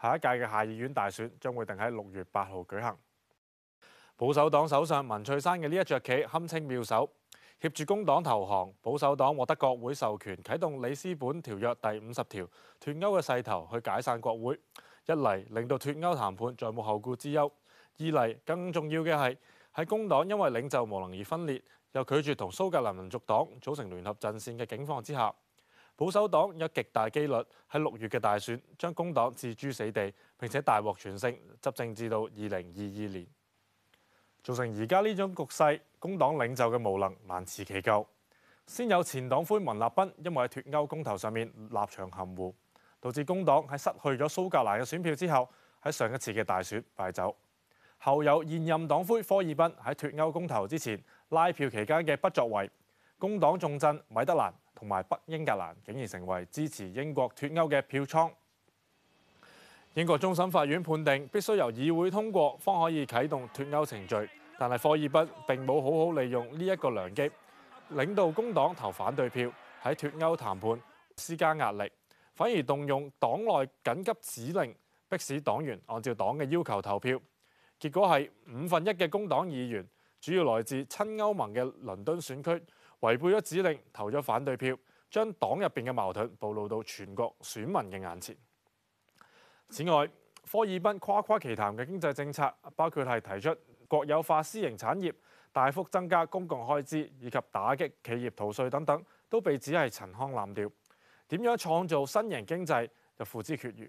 下一屆嘅下議院大選將會定喺六月八號舉行。保守黨首相文翠珊嘅呢一着棋堪稱妙手，協助工黨投降，保守黨獲得國會授權啟動里斯本條約第五十條脱歐嘅勢頭去解散國會。一嚟令到脱歐談判再冇後顧之憂；二嚟更重要嘅係喺工黨因為領袖無能而分裂，又拒絕同蘇格蘭民族黨組成聯合陣線嘅境況之下。保守黨有極大機率喺六月嘅大選將工黨置諸死地，並且大獲全勝執政至到二零二二年，造成而家呢種局勢。工黨領袖嘅無能難辭其咎。先有前黨魁文立斌因為喺脱歐公投上面立場含糊，導致工黨喺失去咗蘇格蘭嘅選票之後喺上一次嘅大選敗走；後有現任黨魁科爾賓喺脱歐公投之前拉票期間嘅不作為，工黨重鎮米德蘭。同埋北英格蘭竟然成為支持英國脱歐嘅票倉。英國終審法院判定必須由議會通過方可以啟動脱歐程序，但係霍爾布並冇好好利用呢一個良機。領導工黨投反對票，喺脱歐談判施加壓力，反而動用黨內緊急指令迫使黨員按照黨嘅要求投票。結果係五分一嘅工黨議員主要來自親歐盟嘅倫敦選區。違背咗指令，投咗反對票，將黨入面嘅矛盾暴露到全國選民嘅眼前。此外，科爾賓誇誇其談嘅經濟政策，包括係提出國有化私營產業、大幅增加公共開支以及打擊企業逃稅等等，都被指係陳腔濫調。點樣創造新型經濟就付之闕如。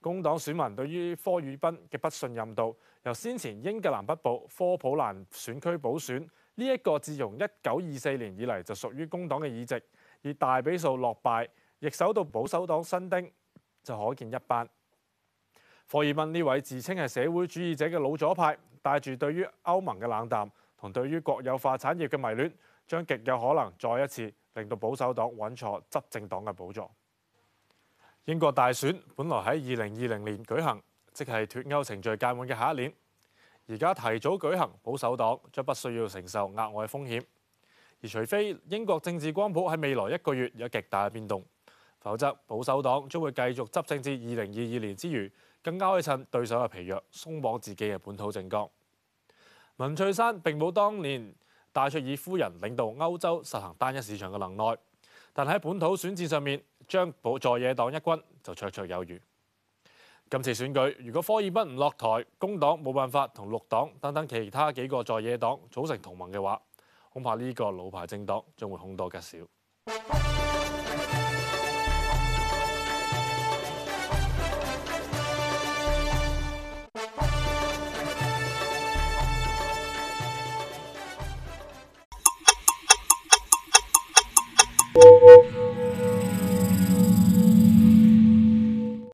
工黨選民對於科爾賓嘅不信任度，由先前英格蘭北部科普蘭選區補選。呢、這、一個自從一九二四年以嚟就屬於工黨嘅議席，以大比數落敗，亦首到保守黨新丁，就可見一斑。霍爾賓呢位自稱係社會主義者嘅老左派，帶住對於歐盟嘅冷淡同對於國有化產業嘅迷戀，將極有可能再一次令到保守黨穩坐執政黨嘅寶座。英國大選本來喺二零二零年舉行，即係脫歐程序屆滿嘅下一年。而家提早舉行，保守黨將不需要承受額外的風險，而除非英國政治光譜喺未來一個月有極大嘅變動，否則保守黨將會繼續執政至二零二二年之餘，更加可以趁對手嘅疲弱鬆綁自己嘅本土政綱。文翠珊並冇當年戴翠爾夫人領導歐洲實行單一市場嘅能耐，但喺本土選戰上面，將保在野黨一軍就綽綽有餘。今次選舉，如果科爾賓唔落台，工黨冇辦法同綠黨等等其他幾個在野黨組成同盟嘅話，恐怕呢個老牌政黨將會凶多吉少。